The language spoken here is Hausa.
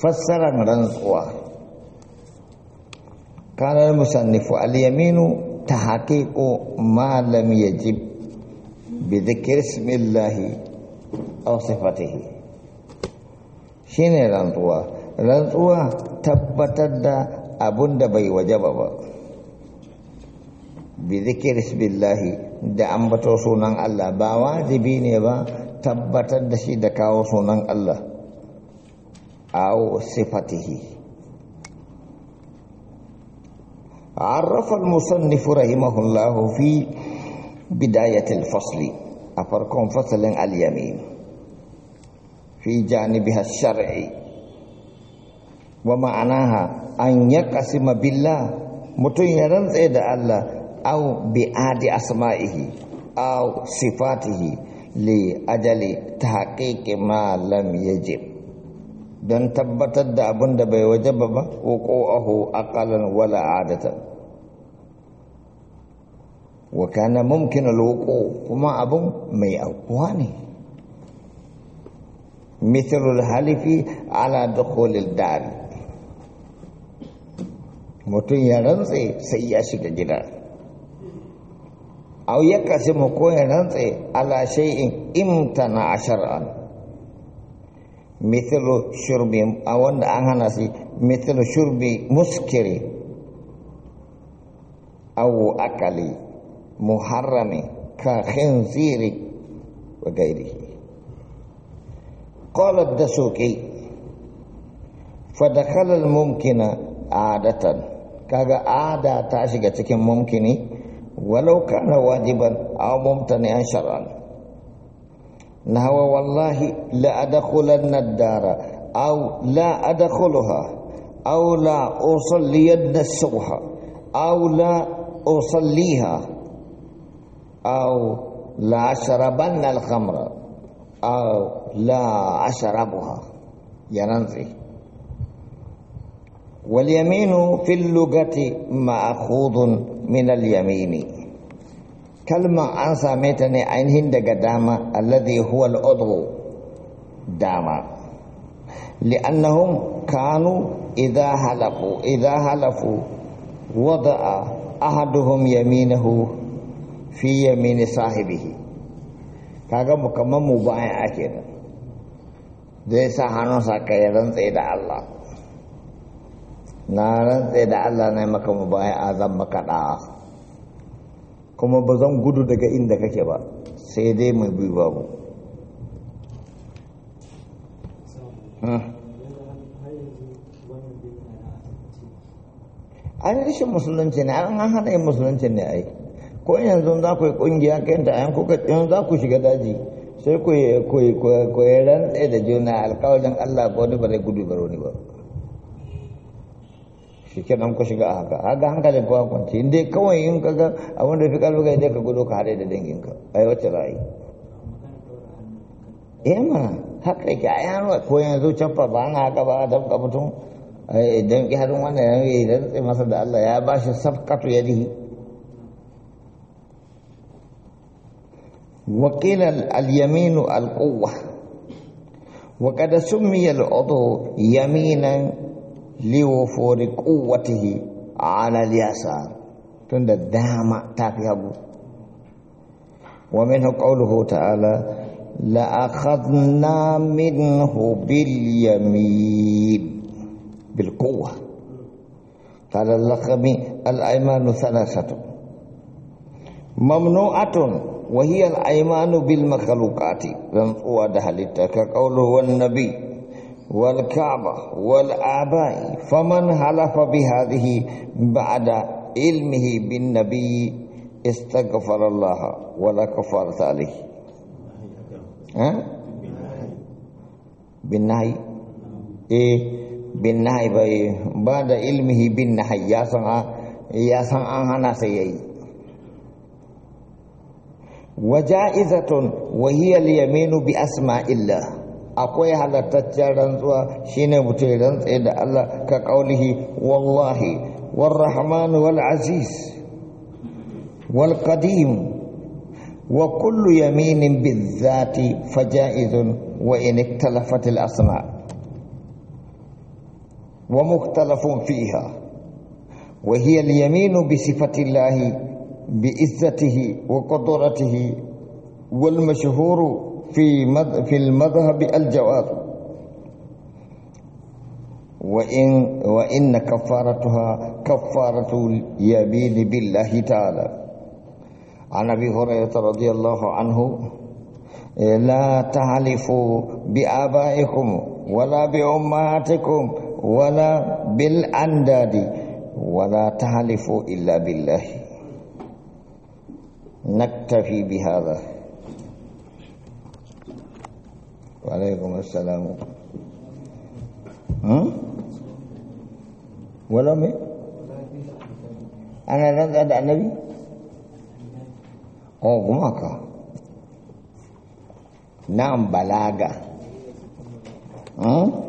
fassarar rantsuwa kanar musannifu aliyaminu yaminu ta haƙiƙo malam ya ji bi zikir similahi shi ne rantsuwa rantsuwa tabbatar da abun da bai waje ba ba bi zikir similahi da ambato sunan allah ba wajibi ne ba tabbatar da shi da kawo sunan Allah awo sifatihi arrafal musannifu rahimahullahu fi bidayatil fasli a farkon fasalin alyamin fi janibi shar'i wa ma'anaha an yaqsima billah mutun ya rantse da Allah aw bi adi asma'ihi aw sifatihi ajali ta haƙiƙi malam je don tabbatar da abin da bai waje ba ba ko aho akalan wala adatan wa kana mumkin alwuqu kuma abun mai aukuwa ne mithlul halifi ala dukhulil dari mutum ya rantse sai ya shiga gida au ya kasi mu koyin rantse ala shay'in imtana a mithlu shurbi a wanda an hana shi mithlu shurbi muskiri au akali muharrami ka khinziri wa gairihi قال الدسوقي فدخل الممكن عادة كذا ta shiga cikin mumkini ولو كان واجبا أو ممتنعا شرعا نهو والله لا أدخلن الدار أو لا أدخلها أو لا أصلين الصبح أو لا أصليها أو لا أشربن الخمر أو لا أشربها يننزي واليمين في اللغة مأخوذ من اليمين كلمة أن سميتني عينهن دق داما الذي هو العضو داما لأنهم كانوا إذا هلفوا إذا هلفوا وضع أحدهم يمينه في يمين صاحبه kaga mu kamar mu bayan ake nan zai sa hannunsa ka ya rantse da Allah na rantse da Allah na maka mu baya a zan maka ɗa'a kuma ba gudu daga inda kake ba sai dai mai bi babu hmm. an rishin musulunci ne an hana yin musulunci ne yi ko yanzu za ku yi ƙungiya kai ta ayan kuka yanzu za ku shiga daji sai ku yi rantse da juna alƙawarin Allah ko wani ba zai gudu ba ba shike kenan ku shiga haka haka hankalin kowa kwanci in dai kawai in kaga ga abin da fi karfi ga ka gudo ka haɗe da dangin ka ai wace rai eh ma haka yake a yaro ko yanzu can ba na haka ba a ka mutum ai idan ki harin wannan ya yi rantse masa da Allah ya bashi shi safkatu ya dihi wakilan al وقد سمي العضو يمينا لوفور قوته على اليسار تند الدامة تافيها ومنه قوله تعالى لأخذنا منه باليمين بالقوة قال اللخمي الأيمان ثلاثة ممنوعة وهي الأيمان بالمخلوقات وعدها لتك قوله والنبي wal ka'bah wal abai faman halafa bi hadhihi ba'da ilmihi bin nabi istaghfar Allah wa la kafara alayhi ha bin nahi e bin bin nahi ya ya san an hana sai yayi wa ja'izatun wa hiya al-yaminu bi asma'ila. akwai halattaccen rantsuwa shine mutum ya rantsa da Allah ka kaulihi wallahi warrahman wal aziz wal qadim wa kullu yaminin bizati faja'izun wa in iktalafat al asma wa mukhtalafun fiha wa hiya al yaminu bi sifati Allah bi izzatihi wa qudratihi wal mashhuru في في المذهب الجواب وإن وإن كفارتها كفارة اليمين بالله تعالى عن أبي هريرة رضي الله عنه لا تحلفوا بآبائكم ولا بأمهاتكم ولا بالأنداد ولا تحلفوا إلا بالله نكتفي بهذا Waalaikumsalam. Hmm? Walau mi? Anak rasa ada nabi? Oh, balaga.